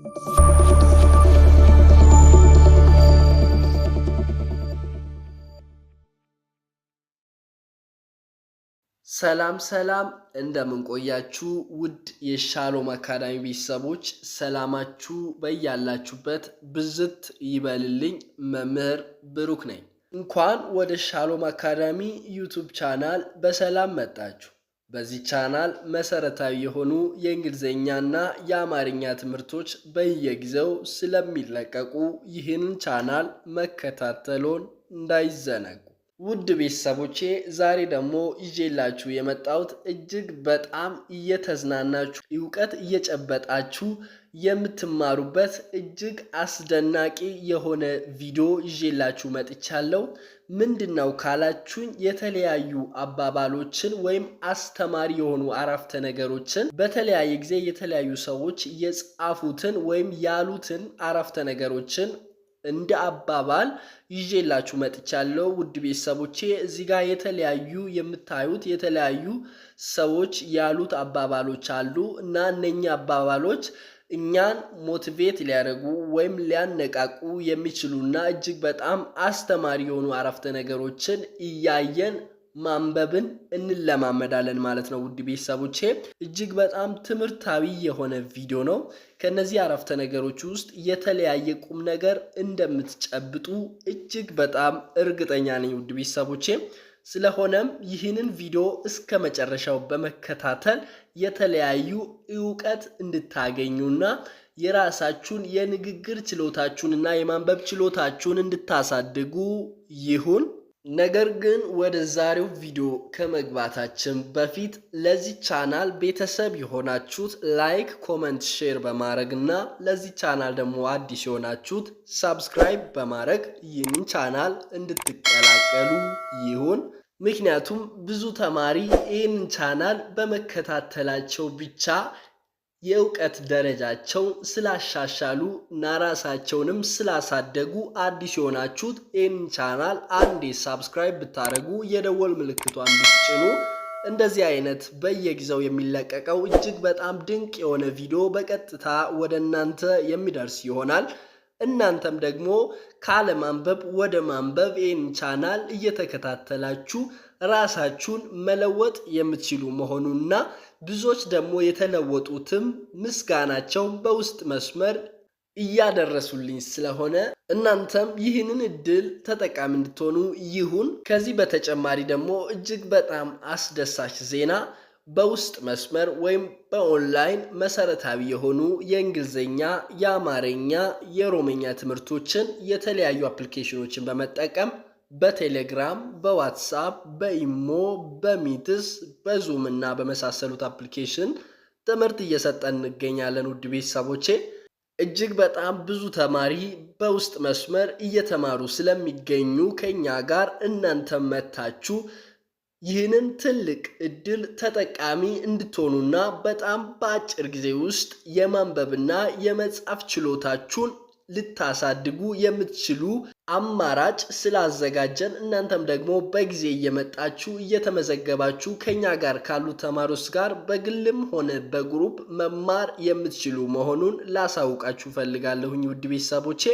ሰላም ሰላም እንደምንቆያችሁ ውድ የሻሎም አካዳሚ ቤተሰቦች ሰላማችሁ በያላችሁበት ብዝት ይበልልኝ። መምህር ብሩክ ነኝ። እንኳን ወደ ሻሎም አካዳሚ ዩቱብ ቻናል በሰላም መጣችሁ። በዚህ ቻናል መሰረታዊ የሆኑ የእንግሊዝኛና የአማርኛ ትምህርቶች በየጊዜው ስለሚለቀቁ ይህን ቻናል መከታተሎን እንዳይዘነጉ ውድ ቤተሰቦቼ ዛሬ ደግሞ ይዤላችሁ የመጣሁት እጅግ በጣም እየተዝናናችሁ እውቀት እየጨበጣችሁ የምትማሩበት እጅግ አስደናቂ የሆነ ቪዲዮ ይዤላችሁ መጥቻለሁ። ምንድን ነው ካላችሁኝ፣ የተለያዩ አባባሎችን ወይም አስተማሪ የሆኑ አረፍተ ነገሮችን በተለያየ ጊዜ የተለያዩ ሰዎች የጻፉትን ወይም ያሉትን አረፍተ ነገሮችን እንደ አባባል ይዤላችሁ መጥቻለሁ። ውድ ቤተሰቦቼ እዚህ ጋር የተለያዩ የምታዩት የተለያዩ ሰዎች ያሉት አባባሎች አሉ እና እነኛ አባባሎች እኛን ሞቲቬት ሊያደርጉ ወይም ሊያነቃቁ የሚችሉና እጅግ በጣም አስተማሪ የሆኑ አረፍተ ነገሮችን እያየን ማንበብን እንለማመዳለን ማለት ነው። ውድ ቤተሰቦቼ እጅግ በጣም ትምህርታዊ የሆነ ቪዲዮ ነው። ከእነዚህ አረፍተ ነገሮች ውስጥ የተለያየ ቁም ነገር እንደምትጨብጡ እጅግ በጣም እርግጠኛ ነኝ ውድ ቤተሰቦቼ። ስለሆነም ይህንን ቪዲዮ እስከ መጨረሻው በመከታተል የተለያዩ እውቀት እንድታገኙና የራሳችሁን የንግግር ችሎታችሁንና የማንበብ ችሎታችሁን እንድታሳድጉ ይሁን። ነገር ግን ወደ ዛሬው ቪዲዮ ከመግባታችን በፊት ለዚህ ቻናል ቤተሰብ የሆናችሁት ላይክ፣ ኮመንት፣ ሼር በማድረግ እና ለዚህ ቻናል ደግሞ አዲስ የሆናችሁት ሳብስክራይብ በማድረግ ይህንን ቻናል እንድትቀላቀሉ ይሁን። ምክንያቱም ብዙ ተማሪ ይህንን ቻናል በመከታተላቸው ብቻ የእውቀት ደረጃቸው ስላሻሻሉ እና ራሳቸውንም ስላሳደጉ አዲስ የሆናችሁት ይህን ቻናል አንዴ ሳብስክራይብ ብታደረጉ የደወል ምልክቷን ብትጭኑ እንደዚህ አይነት በየጊዜው የሚለቀቀው እጅግ በጣም ድንቅ የሆነ ቪዲዮ በቀጥታ ወደ እናንተ የሚደርስ ይሆናል። እናንተም ደግሞ ካለማንበብ ወደ ማንበብ ይህን ቻናል እየተከታተላችሁ ራሳችሁን መለወጥ የምትችሉ መሆኑና ብዙዎች ደግሞ የተለወጡትም ምስጋናቸው በውስጥ መስመር እያደረሱልኝ ስለሆነ እናንተም ይህንን እድል ተጠቃሚ እንድትሆኑ ይሁን። ከዚህ በተጨማሪ ደግሞ እጅግ በጣም አስደሳች ዜና በውስጥ መስመር ወይም በኦንላይን መሰረታዊ የሆኑ የእንግሊዝኛ፣ የአማርኛ፣ የኦሮምኛ ትምህርቶችን የተለያዩ አፕሊኬሽኖችን በመጠቀም በቴሌግራም፣ በዋትሳፕ፣ በኢሞ፣ በሚትስ፣ በዙም እና በመሳሰሉት አፕሊኬሽን ትምህርት እየሰጠን እንገኛለን። ውድ ቤተሰቦቼ እጅግ በጣም ብዙ ተማሪ በውስጥ መስመር እየተማሩ ስለሚገኙ ከኛ ጋር እናንተም መታችሁ ይህንን ትልቅ እድል ተጠቃሚ እንድትሆኑና በጣም በአጭር ጊዜ ውስጥ የማንበብና የመጻፍ ችሎታችሁን ልታሳድጉ የምትችሉ አማራጭ ስላዘጋጀን እናንተም ደግሞ በጊዜ እየመጣችሁ እየተመዘገባችሁ ከኛ ጋር ካሉ ተማሪዎች ጋር በግልም ሆነ በግሩፕ መማር የምትችሉ መሆኑን ላሳውቃችሁ ፈልጋለሁኝ ውድ ቤተሰቦቼ።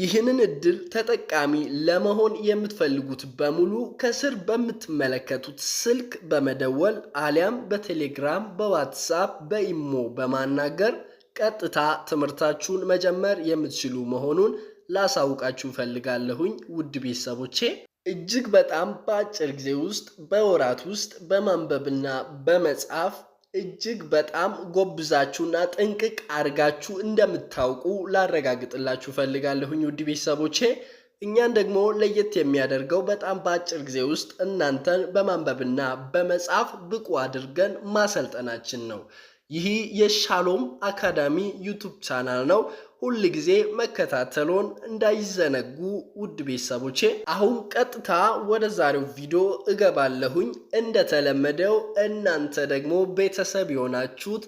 ይህንን እድል ተጠቃሚ ለመሆን የምትፈልጉት በሙሉ ከስር በምትመለከቱት ስልክ በመደወል አሊያም በቴሌግራም፣ በዋትሳፕ፣ በኢሞ በማናገር ቀጥታ ትምህርታችሁን መጀመር የምትችሉ መሆኑን ላሳውቃችሁ ፈልጋለሁኝ ውድ ቤተሰቦቼ። እጅግ በጣም በአጭር ጊዜ ውስጥ በወራት ውስጥ በማንበብና በመጻፍ እጅግ በጣም ጎብዛችሁና ጥንቅቅ አድርጋችሁ እንደምታውቁ ላረጋግጥላችሁ ፈልጋለሁኝ ውድ ቤተሰቦቼ። እኛን ደግሞ ለየት የሚያደርገው በጣም በአጭር ጊዜ ውስጥ እናንተን በማንበብና በመጻፍ ብቁ አድርገን ማሰልጠናችን ነው። ይህ የሻሎም አካዳሚ ዩቱብ ቻናል ነው። ሁል ጊዜ መከታተሎን እንዳይዘነጉ ውድ ቤተሰቦቼ። አሁን ቀጥታ ወደ ዛሬው ቪዲዮ እገባለሁኝ። እንደተለመደው እናንተ ደግሞ ቤተሰብ የሆናችሁት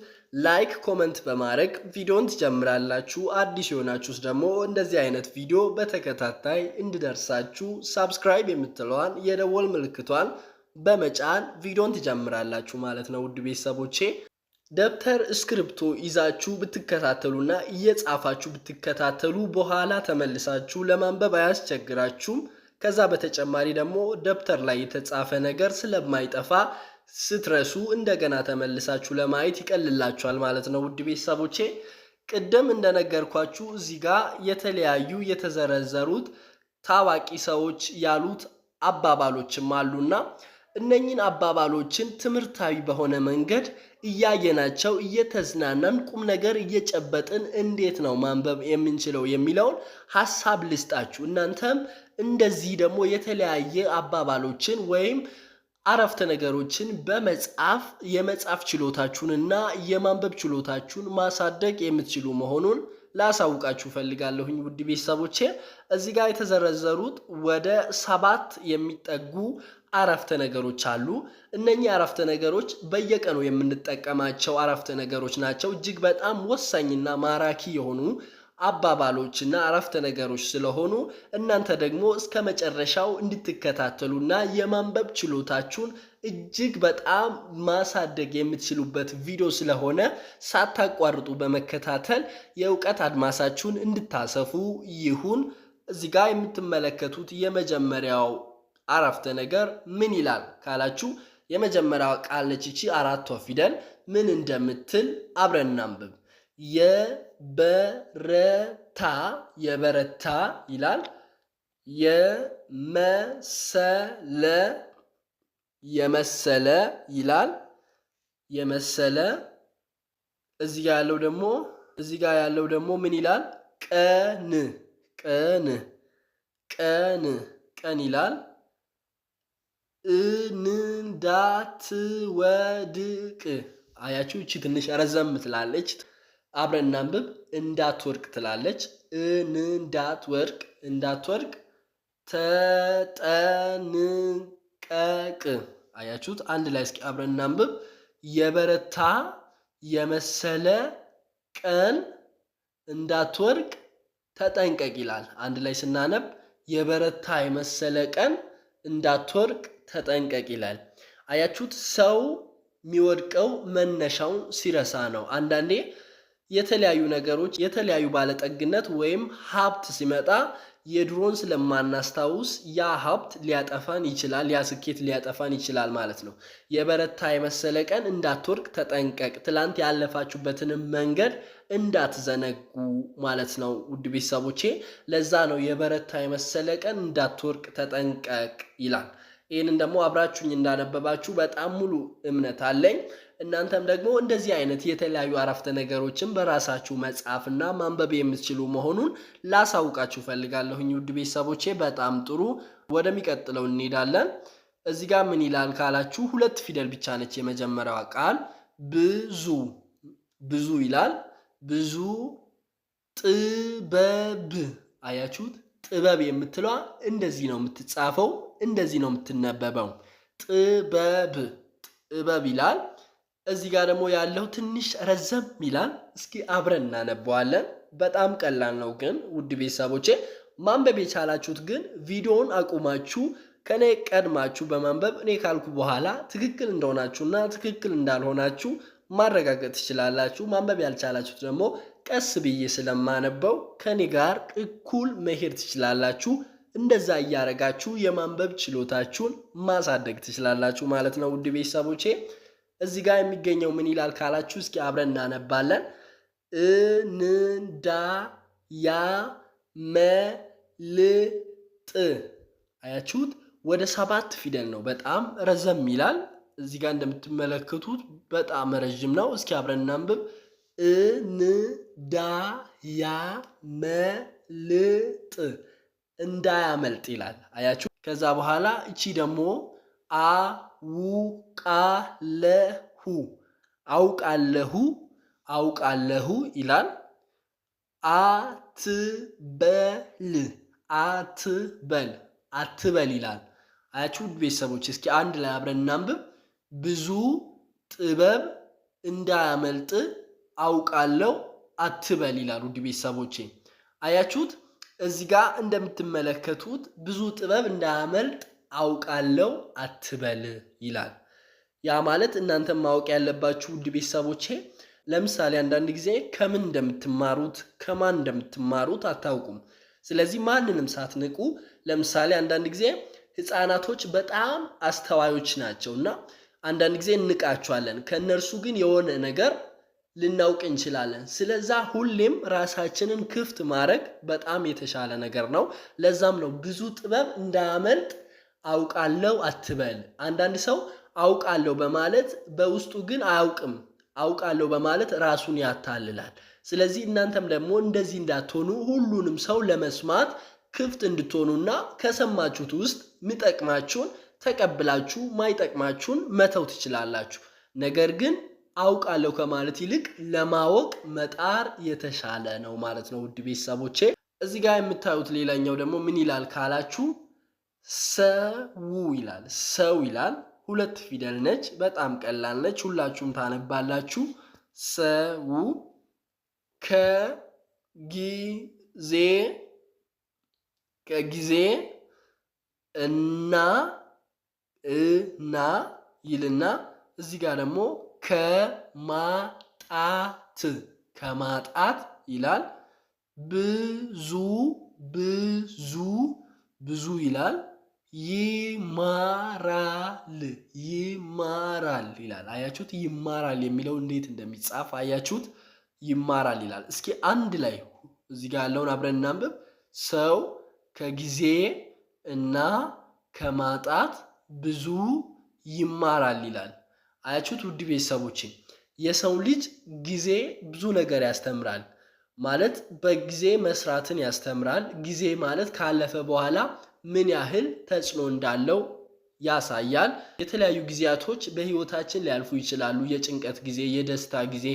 ላይክ፣ ኮመንት በማድረግ ቪዲዮን ትጀምራላችሁ። አዲስ የሆናችሁት ደግሞ እንደዚህ አይነት ቪዲዮ በተከታታይ እንዲደርሳችሁ ሳብስክራይብ የምትለዋን የደወል ምልክቷን በመጫን ቪዲዮን ትጀምራላችሁ ማለት ነው ውድ ቤተሰቦቼ ደብተር እስክሪብቶ ይዛችሁ ብትከታተሉና እየጻፋችሁ ብትከታተሉ በኋላ ተመልሳችሁ ለማንበብ አያስቸግራችሁም። ከዛ በተጨማሪ ደግሞ ደብተር ላይ የተጻፈ ነገር ስለማይጠፋ ስትረሱ እንደገና ተመልሳችሁ ለማየት ይቀልላችኋል ማለት ነው። ውድ ቤተሰቦቼ ቅድም እንደነገርኳችሁ እዚህ ጋር የተለያዩ የተዘረዘሩት ታዋቂ ሰዎች ያሉት አባባሎችም አሉና እነኝን አባባሎችን ትምህርታዊ በሆነ መንገድ እያየናቸው እየተዝናናን ቁም ነገር እየጨበጥን እንዴት ነው ማንበብ የምንችለው የሚለውን ሀሳብ ልስጣችሁ። እናንተም እንደዚህ ደግሞ የተለያየ አባባሎችን ወይም አረፍተ ነገሮችን በመጻፍ የመጻፍ ችሎታችሁንና የማንበብ ችሎታችሁን ማሳደግ የምትችሉ መሆኑን ላሳውቃችሁ ፈልጋለሁኝ ውድ ቤተሰቦቼ። እዚህ ጋር የተዘረዘሩት ወደ ሰባት የሚጠጉ አረፍተ ነገሮች አሉ። እነኚህ አረፍተ ነገሮች በየቀኑ የምንጠቀማቸው አረፍተ ነገሮች ናቸው። እጅግ በጣም ወሳኝና ማራኪ የሆኑ አባባሎችና አረፍተ ነገሮች ስለሆኑ እናንተ ደግሞ እስከ መጨረሻው እንድትከታተሉና የማንበብ ችሎታችሁን እጅግ በጣም ማሳደግ የምትችሉበት ቪዲዮ ስለሆነ ሳታቋርጡ በመከታተል የእውቀት አድማሳችሁን እንድታሰፉ ይሁን። እዚህ ጋር የምትመለከቱት የመጀመሪያው አረፍተ ነገር ምን ይላል ካላችሁ የመጀመሪያው ቃል ነች ይቺ አራቷ ፊደል ምን እንደምትል አብረን እናንብብ። የበረታ የበረታ ይላል። የመሰለ የመሰለ ይላል። የመሰለ እዚህ ጋር ያለው ደግሞ እዚህ ጋ ያለው ደግሞ ምን ይላል? ቀን ቀን ቀን ቀን ይላል። እንዳትወድቅ። አያችሁ፣ እቺ ትንሽ ረዘም ትላለች። አብረን እናንብብ። እንዳትወድቅ ትላለች። እንዳትወድቅ፣ እንዳትወድቅ ተጠንቀቅ። አያችሁት? አንድ ላይ እስኪ አብረን እናንብብ። የበረታ የመሰለ ቀን እንዳትወድቅ ተጠንቀቅ ይላል። አንድ ላይ ስናነብ የበረታ የመሰለ ቀን እንዳትወድቅ ተጠንቀቅ ይላል። አያችሁት? ሰው የሚወድቀው መነሻውን ሲረሳ ነው። አንዳንዴ የተለያዩ ነገሮች የተለያዩ ባለጠግነት ወይም ሀብት ሲመጣ የድሮን ስለማናስታውስ ያ ሀብት ሊያጠፋን ይችላል፣ ያ ስኬት ሊያጠፋን ይችላል ማለት ነው። የበረታ የመሰለ ቀን እንዳትወድቅ ተጠንቀቅ፣ ትላንት ያለፋችሁበትንም መንገድ እንዳትዘነጉ ማለት ነው። ውድ ቤተሰቦቼ፣ ለዛ ነው የበረታ የመሰለ ቀን እንዳትወድቅ ተጠንቀቅ ይላል። ይህንን ደግሞ አብራችሁኝ እንዳነበባችሁ በጣም ሙሉ እምነት አለኝ። እናንተም ደግሞ እንደዚህ አይነት የተለያዩ አረፍተ ነገሮችን በራሳችሁ መጻፍና ማንበብ የምትችሉ መሆኑን ላሳውቃችሁ ፈልጋለሁኝ። ውድ ቤተሰቦቼ በጣም ጥሩ። ወደሚቀጥለው እንሄዳለን። እዚህ ጋር ምን ይላል ካላችሁ ሁለት ፊደል ብቻ ነች የመጀመሪያዋ ቃል ብዙ ብዙ ይላል። ብዙ ጥበብ አያችሁት? ጥበብ የምትለዋ እንደዚህ ነው የምትጻፈው። እንደዚህ ነው የምትነበበው። ጥበብ ጥበብ ይላል። እዚህ ጋር ደግሞ ያለው ትንሽ ረዘም ይላል። እስኪ አብረን እናነበዋለን። በጣም ቀላል ነው ግን ውድ ቤተሰቦቼ ማንበብ የቻላችሁት ግን ቪዲዮውን አቁማችሁ ከኔ ቀድማችሁ በማንበብ እኔ ካልኩ በኋላ ትክክል እንደሆናችሁና ትክክል እንዳልሆናችሁ ማረጋገጥ ትችላላችሁ። ማንበብ ያልቻላችሁት ደግሞ ቀስ ብዬ ስለማነበው ከኔ ጋር እኩል መሄድ ትችላላችሁ። እንደዛ እያደረጋችሁ የማንበብ ችሎታችሁን ማሳደግ ትችላላችሁ ማለት ነው። ውድ ቤተሰቦቼ እዚህ ጋር የሚገኘው ምን ይላል ካላችሁ እስኪ አብረን እናነባለን። እንዳያመልጥ አያችሁት? ወደ ሰባት ፊደል ነው። በጣም ረዘም ይላል። እዚህ ጋር እንደምትመለከቱት በጣም ረዥም ነው። እስኪ አብረን እናንብብ። እንዳያመልጥ እንዳያመልጥ ይላል። አያችሁ። ከዛ በኋላ እቺ ደግሞ አውቃለሁ አውቃለሁ አውቃለሁ ይላል። አትበል አትበል አትበል ይላል። አያችሁ ቤተሰቦች፣ እስኪ አንድ ላይ አብረን እናንብብ። ብዙ ጥበብ እንዳያመልጥ አውቃለሁ አትበል ይላል። ውድ ቤተሰቦቼ አያችሁት። እዚህ ጋር እንደምትመለከቱት ብዙ ጥበብ እንዳያመልጥ አውቃለሁ አትበል ይላል። ያ ማለት እናንተም ማወቅ ያለባችሁ ውድ ቤተሰቦቼ፣ ለምሳሌ አንዳንድ ጊዜ ከምን እንደምትማሩት ከማን እንደምትማሩት አታውቁም። ስለዚህ ማንንም ሳትንቁ ለምሳሌ አንዳንድ ጊዜ ህፃናቶች በጣም አስተዋዮች ናቸው እና አንዳንድ ጊዜ እንቃቸዋለን። ከእነርሱ ግን የሆነ ነገር ልናውቅ እንችላለን። ስለዛ ሁሌም ራሳችንን ክፍት ማድረግ በጣም የተሻለ ነገር ነው። ለዛም ነው ብዙ ጥበብ እንዳያመልጥ አውቃለሁ አትበል። አንዳንድ ሰው አውቃለሁ በማለት በውስጡ ግን አያውቅም። አውቃለሁ በማለት ራሱን ያታልላል። ስለዚህ እናንተም ደግሞ እንደዚህ እንዳትሆኑ ሁሉንም ሰው ለመስማት ክፍት እንድትሆኑና ከሰማችሁት ውስጥ የሚጠቅማችሁን ተቀብላችሁ ማይጠቅማችሁን መተው ትችላላችሁ። ነገር ግን አውቃለሁ ከማለት ይልቅ ለማወቅ መጣር የተሻለ ነው ማለት ነው። ውድ ቤተሰቦቼ እዚህ ጋር የምታዩት ሌላኛው ደግሞ ምን ይላል ካላችሁ ሰው ይላል። ሰው ይላል ሁለት ፊደል ነች። በጣም ቀላል ነች። ሁላችሁም ታነባላችሁ። ሰው ከጊዜ ከጊዜ እና እና ይልና እዚህ ጋር ደግሞ ከማጣት ከማጣት ይላል። ብዙ ብዙ ብዙ ይላል። ይማራል ይማራል ይላል። አያችሁት? ይማራል የሚለው እንዴት እንደሚጻፍ አያችሁት? ይማራል ይላል። እስኪ አንድ ላይ እዚህ ጋር ያለውን አብረን እናንብብ። ሰው ከጊዜ እና ከማጣት ብዙ ይማራል ይላል። አያችሁት ውድ ቤተሰቦቼ የሰው ልጅ ጊዜ ብዙ ነገር ያስተምራል። ማለት በጊዜ መስራትን ያስተምራል። ጊዜ ማለት ካለፈ በኋላ ምን ያህል ተጽዕኖ እንዳለው ያሳያል። የተለያዩ ጊዜያቶች በህይወታችን ሊያልፉ ይችላሉ። የጭንቀት ጊዜ፣ የደስታ ጊዜ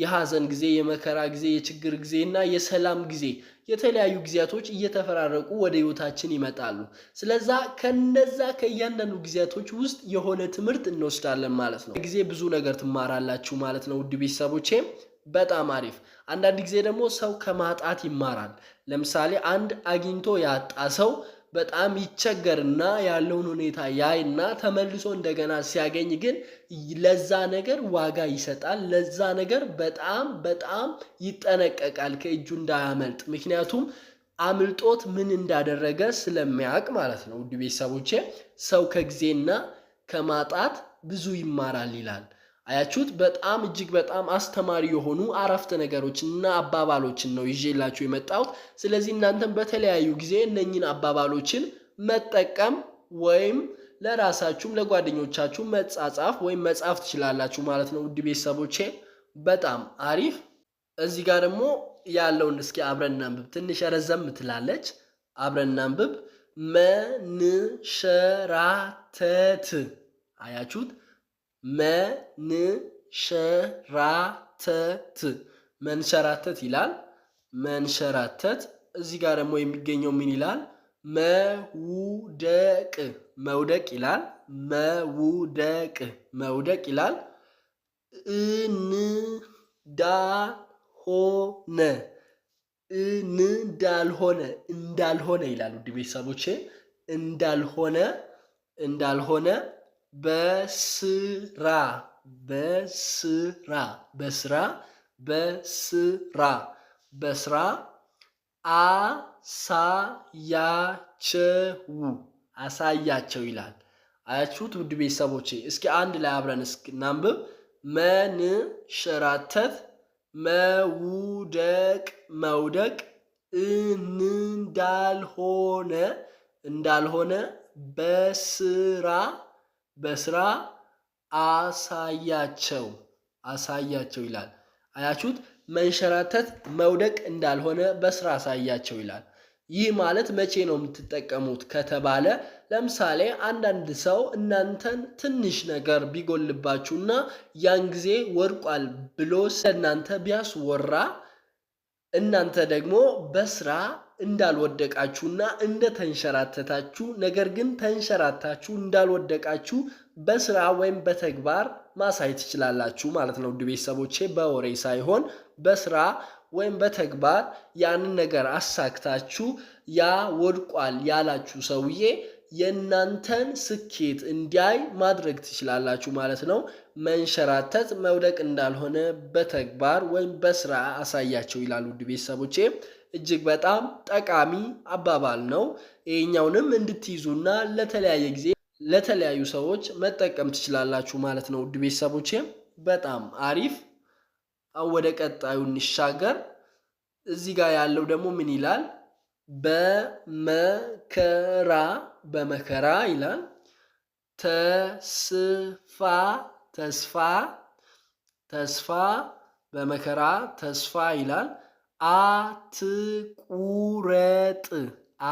የሐዘን ጊዜ፣ የመከራ ጊዜ፣ የችግር ጊዜ እና የሰላም ጊዜ የተለያዩ ጊዜያቶች እየተፈራረቁ ወደ ህይወታችን ይመጣሉ። ስለዛ ከነዛ ከእያንዳንዱ ጊዜያቶች ውስጥ የሆነ ትምህርት እንወስዳለን ማለት ነው። ጊዜ ብዙ ነገር ትማራላችሁ ማለት ነው ውድ ቤተሰቦቼም በጣም አሪፍ። አንዳንድ ጊዜ ደግሞ ሰው ከማጣት ይማራል። ለምሳሌ አንድ አግኝቶ ያጣ ሰው በጣም ይቸገርና ያለውን ሁኔታ ያይና ተመልሶ እንደገና ሲያገኝ ግን ለዛ ነገር ዋጋ ይሰጣል። ለዛ ነገር በጣም በጣም ይጠነቀቃል ከእጁ እንዳያመልጥ። ምክንያቱም አምልጦት ምን እንዳደረገ ስለሚያውቅ ማለት ነው። ውድ ቤተሰቦቼ ሰው ከጊዜና ከማጣት ብዙ ይማራል ይላል። አያችሁት? በጣም እጅግ በጣም አስተማሪ የሆኑ አረፍተ እና አባባሎችን ነው ይዤላችሁ የመጣሁት። ስለዚህ እናንተም በተለያዩ ጊዜ እነኝን አባባሎችን መጠቀም ወይም ለራሳችሁም ለጓደኞቻችሁ መጻጻፍ ወይም መጻፍ ትችላላችሁ ማለት ነው። ውድ ቤተሰቦቼ በጣም አሪፍ። እዚህ ጋር ደግሞ ያለውን እስኪ አብረን እናንብብ። ትንሽ ረዘም ትላለች። አብረን እናንብብ። መንሸራተት አያችሁት? መንሸራተት መንሸራተት ይላል። መንሸራተት እዚህ ጋር ደግሞ የሚገኘው ምን ይላል? መውደቅ መውደቅ ይላል። መውደቅ መውደቅ ይላል። እንዳልሆነ እንዳልሆነ እንዳልሆነ ይላል። ውድ ቤተሰቦቼ እንዳልሆነ እንዳልሆነ በስራ በስራ በስራ በስራ በስራ አሳያቸው አሳያቸው ይላል። አያችሁት? ውድ ቤተሰቦቼ እስኪ አንድ ላይ አብረን እናንብብ። መንሸራተት፣ መውደቅ መውደቅ እንዳልሆነ እንዳልሆነ በስራ በስራ አሳያቸው አሳያቸው ይላል። አያችሁት? መንሸራተት መውደቅ እንዳልሆነ በስራ አሳያቸው ይላል። ይህ ማለት መቼ ነው የምትጠቀሙት ከተባለ ለምሳሌ አንዳንድ ሰው እናንተን ትንሽ ነገር ቢጎልባችሁና ያን ጊዜ ወድቋል ብሎ ስለእናንተ ቢያስወራ እናንተ ደግሞ በስራ እንዳልወደቃችሁና ተንሸራተታችሁ ነገር ግን ተንሸራታችሁ እንዳልወደቃችሁ በስራ ወይም በተግባር ማሳየት ትችላላችሁ ማለት ነው። ውድ ቤተሰቦቼ በወሬ ሳይሆን በስራ ወይም በተግባር ያንን ነገር አሳክታችሁ ያ ወድቋል ያላችሁ ሰውዬ የእናንተን ስኬት እንዲያይ ማድረግ ትችላላችሁ ማለት ነው። መንሸራተት መውደቅ እንዳልሆነ በተግባር ወይም በስራ አሳያቸው ይላሉ ውድ ቤተሰቦቼ። እጅግ በጣም ጠቃሚ አባባል ነው። ይህኛውንም እንድትይዙና ለተለያየ ጊዜ ለተለያዩ ሰዎች መጠቀም ትችላላችሁ ማለት ነው። ውድ ቤተሰቦቼም በጣም አሪፍ። ወደ ቀጣዩ እንሻገር። እዚህ ጋር ያለው ደግሞ ምን ይላል? በመከራ በመከራ ይላል። ተስፋ ተስፋ ተስፋ በመከራ ተስፋ ይላል። አትቁረጥ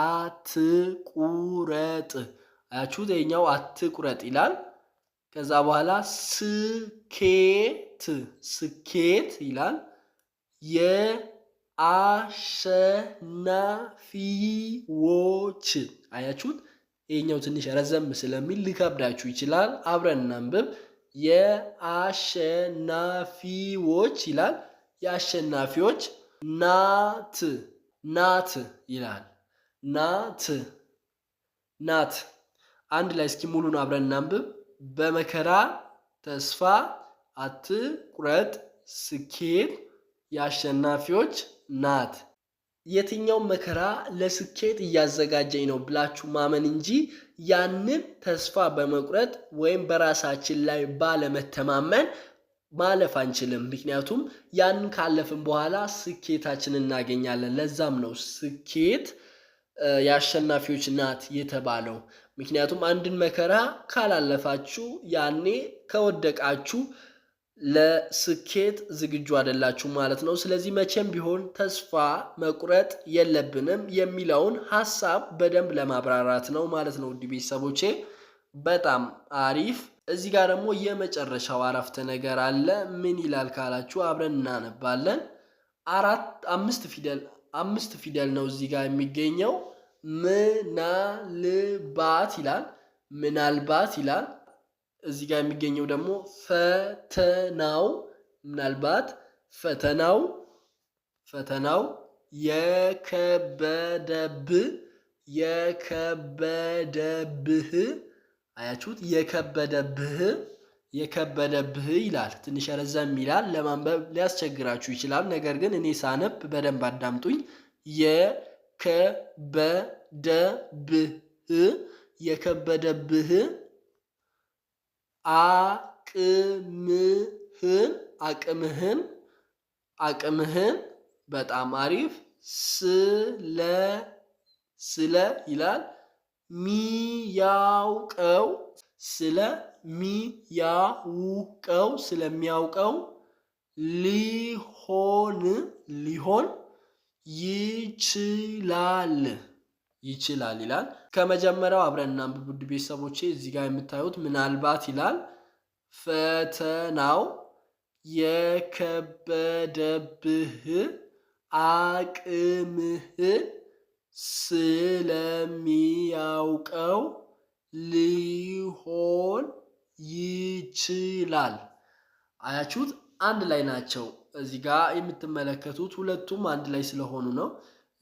አትቁረጥ። አያችሁት? ይሄኛው አትቁረጥ ይላል። ከዛ በኋላ ስኬት ስኬት ይላል። የአሸናፊዎች አያችሁት? ይሄኛው ትንሽ ረዘም ስለሚል ሊከብዳችሁ ይችላል። አብረን እናንብብ። የአሸናፊዎች ይላል። የአሸናፊዎች ናት ናት ይላል። ናት ናት። አንድ ላይ እስኪ ሙሉን አብረን እናንብብ። በመከራ ተስፋ አትቁረጥ፣ ስኬት የአሸናፊዎች ናት። የትኛው መከራ ለስኬት እያዘጋጀኝ ነው ብላችሁ ማመን እንጂ ያንን ተስፋ በመቁረጥ ወይም በራሳችን ላይ ባለመተማመን ማለፍ አንችልም። ምክንያቱም ያንን ካለፍን በኋላ ስኬታችንን እናገኛለን። ለዛም ነው ስኬት የአሸናፊዎች ናት የተባለው። ምክንያቱም አንድን መከራ ካላለፋችሁ ያኔ ከወደቃችሁ ለስኬት ዝግጁ አይደላችሁ ማለት ነው። ስለዚህ መቼም ቢሆን ተስፋ መቁረጥ የለብንም የሚለውን ሀሳብ በደንብ ለማብራራት ነው ማለት ነው። ውድ ቤተሰቦቼ በጣም አሪፍ እዚህ ጋር ደግሞ የመጨረሻው አረፍተ ነገር አለ። ምን ይላል ካላችሁ አብረን እናነባለን። አራት አምስት ፊደል አምስት ፊደል ነው እዚህ ጋር የሚገኘው። ምናልባት ይላል፣ ምናልባት ይላል። እዚህ ጋር የሚገኘው ደግሞ ፈተናው፣ ምናልባት ፈተናው፣ ፈተናው የከበደብ የከበደብህ አያችሁት? የከበደብህ የከበደብህ ይላል። ትንሽ ረዘም ይላል። ለማንበብ ሊያስቸግራችሁ ይችላል። ነገር ግን እኔ ሳነብ በደንብ አዳምጡኝ። የከበደብህ የከበደብህ አቅምህን አቅምህን አቅምህን በጣም አሪፍ ስለ ስለ ይላል ሚያውቀው ስለ ሚያውቀው ስለሚያውቀው ሊሆን ሊሆን ይችላል ይችላል ይላል። ከመጀመሪያው አብረን እናንብብ ውድ ቤተሰቦቼ። እዚህ ጋር የምታዩት ምናልባት ይላል ፈተናው የከበደብህ አቅምህ ስለሚያውቀው ሊሆን ይችላል። አያችሁት? አንድ ላይ ናቸው። እዚህ ጋ የምትመለከቱት ሁለቱም አንድ ላይ ስለሆኑ ነው።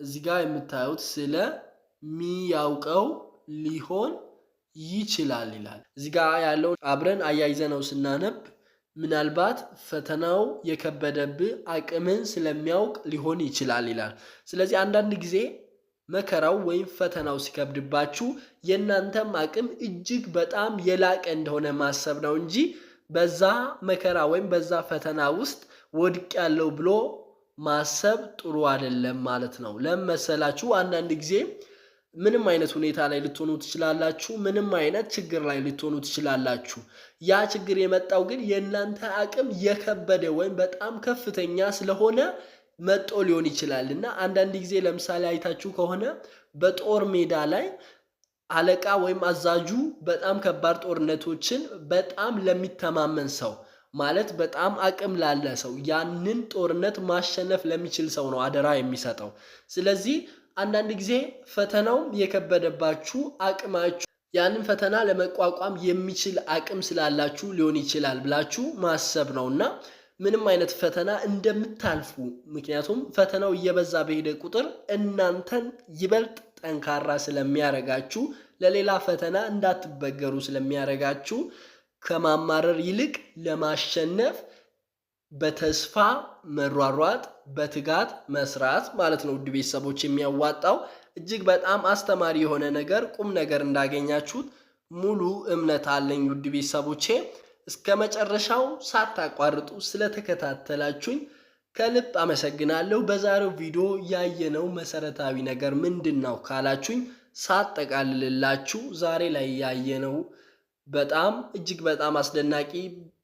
እዚህ ጋ የምታዩት ስለሚያውቀው ሊሆን ይችላል ይላል። እዚህ ጋ ያለው አብረን አያይዘነው ስናነብ ምናልባት ፈተናው የከበደብህ አቅምን ስለሚያውቅ ሊሆን ይችላል ይላል። ስለዚህ አንዳንድ ጊዜ መከራው ወይም ፈተናው ሲከብድባችሁ የእናንተም አቅም እጅግ በጣም የላቀ እንደሆነ ማሰብ ነው እንጂ በዛ መከራ ወይም በዛ ፈተና ውስጥ ወድቅ ያለው ብሎ ማሰብ ጥሩ አይደለም ማለት ነው። ለመሰላችሁ አንዳንድ ጊዜ ምንም አይነት ሁኔታ ላይ ልትሆኑ ትችላላችሁ። ምንም አይነት ችግር ላይ ልትሆኑ ትችላላችሁ። ያ ችግር የመጣው ግን የእናንተ አቅም የከበደ ወይም በጣም ከፍተኛ ስለሆነ መጦ ሊሆን ይችላል እና አንዳንድ ጊዜ ለምሳሌ አይታችሁ ከሆነ በጦር ሜዳ ላይ አለቃ ወይም አዛጁ በጣም ከባድ ጦርነቶችን በጣም ለሚተማመን ሰው ማለት በጣም አቅም ላለ ሰው ያንን ጦርነት ማሸነፍ ለሚችል ሰው ነው አደራ የሚሰጠው። ስለዚህ አንዳንድ ጊዜ ፈተናውም የከበደባችሁ አቅማችሁ ያንን ፈተና ለመቋቋም የሚችል አቅም ስላላችሁ ሊሆን ይችላል ብላችሁ ማሰብ ነው እና ምንም አይነት ፈተና እንደምታልፉ። ምክንያቱም ፈተናው እየበዛ በሄደ ቁጥር እናንተን ይበልጥ ጠንካራ ስለሚያረጋችሁ፣ ለሌላ ፈተና እንዳትበገሩ ስለሚያረጋችሁ ከማማረር ይልቅ ለማሸነፍ በተስፋ መሯሯጥ፣ በትጋት መስራት ማለት ነው። ውድ ቤተሰቦች የሚያዋጣው እጅግ በጣም አስተማሪ የሆነ ነገር ቁም ነገር እንዳገኛችሁት ሙሉ እምነት አለኝ ውድ ቤተሰቦቼ። እስከ መጨረሻው ሳታቋርጡ ስለተከታተላችሁኝ ከልብ አመሰግናለሁ። በዛሬው ቪዲዮ ያየነው መሰረታዊ ነገር ምንድን ነው ካላችሁኝ ሳጠቃልልላችሁ ዛሬ ላይ ያየነው በጣም እጅግ በጣም አስደናቂ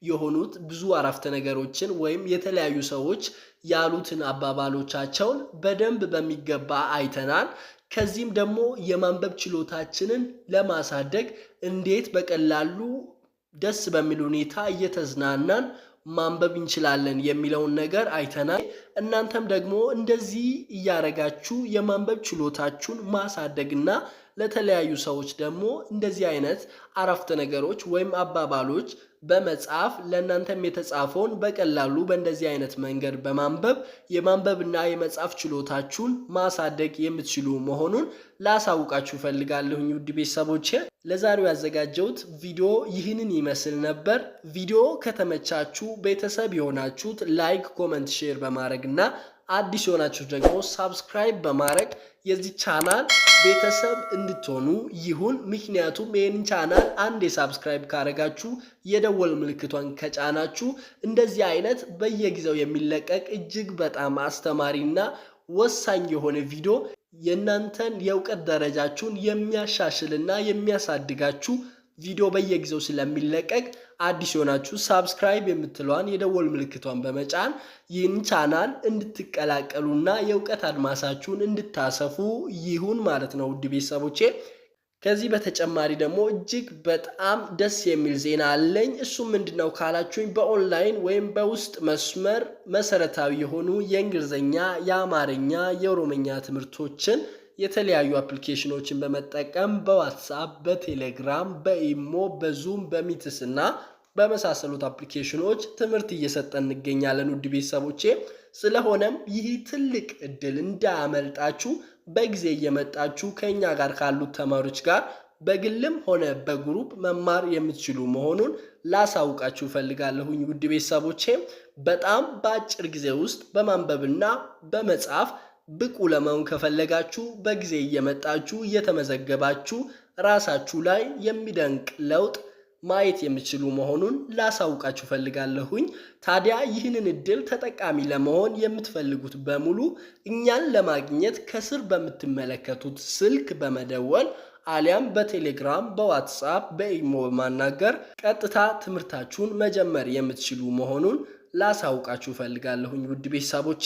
የሆኑት ብዙ አረፍተ ነገሮችን ወይም የተለያዩ ሰዎች ያሉትን አባባሎቻቸውን በደንብ በሚገባ አይተናል። ከዚህም ደግሞ የማንበብ ችሎታችንን ለማሳደግ እንዴት በቀላሉ ደስ በሚል ሁኔታ እየተዝናናን ማንበብ እንችላለን የሚለውን ነገር አይተናል። እናንተም ደግሞ እንደዚህ እያደረጋችሁ የማንበብ ችሎታችሁን ማሳደግና ለተለያዩ ሰዎች ደግሞ እንደዚህ አይነት አረፍተ ነገሮች ወይም አባባሎች በመጻፍ ለእናንተም የተጻፈውን በቀላሉ በእንደዚህ አይነት መንገድ በማንበብ የማንበብና የመጻፍ ችሎታችሁን ማሳደግ የምትችሉ መሆኑን ላሳውቃችሁ እፈልጋለሁኝ። ውድ ቤተሰቦቼ ለዛሬው ያዘጋጀሁት ቪዲዮ ይህንን ይመስል ነበር። ቪዲዮ ከተመቻችሁ ቤተሰብ የሆናችሁት ላይክ፣ ኮመንት፣ ሼር በማድረግ በማድረግ እና አዲስ የሆናችሁ ደግሞ ሳብስክራይብ በማድረግ የዚህ ቻናል ቤተሰብ እንድትሆኑ ይሁን። ምክንያቱም ይህንን ቻናል አንድ የሳብስክራይብ ካረጋችሁ የደወል ምልክቷን ከጫናችሁ እንደዚህ አይነት በየጊዜው የሚለቀቅ እጅግ በጣም አስተማሪና ወሳኝ የሆነ ቪዲዮ የእናንተን የእውቀት ደረጃችሁን የሚያሻሽልና የሚያሳድጋችሁ ቪዲዮ በየጊዜው ስለሚለቀቅ አዲስ የሆናችሁ ሳብስክራይብ የምትለዋን የደወል ምልክቷን በመጫን ይህን ቻናል እንድትቀላቀሉና የእውቀት አድማሳችሁን እንድታሰፉ ይሁን ማለት ነው ውድ ቤተሰቦቼ። ከዚህ በተጨማሪ ደግሞ እጅግ በጣም ደስ የሚል ዜና አለኝ። እሱም ምንድን ነው ካላችሁኝ በኦንላይን ወይም በውስጥ መስመር መሰረታዊ የሆኑ የእንግሊዝኛ፣ የአማርኛ፣ የኦሮምኛ ትምህርቶችን የተለያዩ አፕሊኬሽኖችን በመጠቀም በዋትሳፕ፣ በቴሌግራም፣ በኢሞ፣ በዙም፣ በሚትስ እና በመሳሰሉት አፕሊኬሽኖች ትምህርት እየሰጠን እንገኛለን ውድ ቤተሰቦቼ። ስለሆነም ይህ ትልቅ እድል እንዳያመልጣችሁ በጊዜ እየመጣችሁ ከእኛ ጋር ካሉት ተማሪዎች ጋር በግልም ሆነ በግሩፕ መማር የምትችሉ መሆኑን ላሳውቃችሁ እፈልጋለሁኝ ውድ ቤተሰቦቼ። በጣም በአጭር ጊዜ ውስጥ በማንበብና በመጻፍ ብቁ ለመሆን ከፈለጋችሁ በጊዜ እየመጣችሁ እየተመዘገባችሁ ራሳችሁ ላይ የሚደንቅ ለውጥ ማየት የሚችሉ መሆኑን ላሳውቃችሁ ፈልጋለሁኝ። ታዲያ ይህንን እድል ተጠቃሚ ለመሆን የምትፈልጉት በሙሉ እኛን ለማግኘት ከስር በምትመለከቱት ስልክ በመደወል አሊያም በቴሌግራም፣ በዋትሳፕ፣ በኢሞ በማናገር ቀጥታ ትምህርታችሁን መጀመር የምትችሉ መሆኑን ላሳውቃችሁ ፈልጋለሁኝ ውድ ቤተሰቦቼ።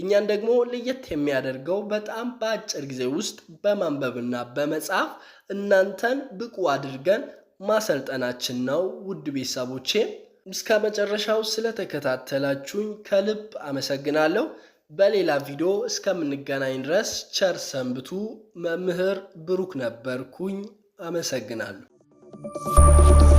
እኛን ደግሞ ለየት የሚያደርገው በጣም በአጭር ጊዜ ውስጥ በማንበብና በመጻፍ እናንተን ብቁ አድርገን ማሰልጠናችን ነው። ውድ ቤተሰቦቼ እስከ መጨረሻው ስለተከታተላችሁኝ ከልብ አመሰግናለሁ። በሌላ ቪዲዮ እስከምንገናኝ ድረስ ቸር ሰንብቱ። መምህር ብሩክ ነበርኩኝ። አመሰግናለሁ።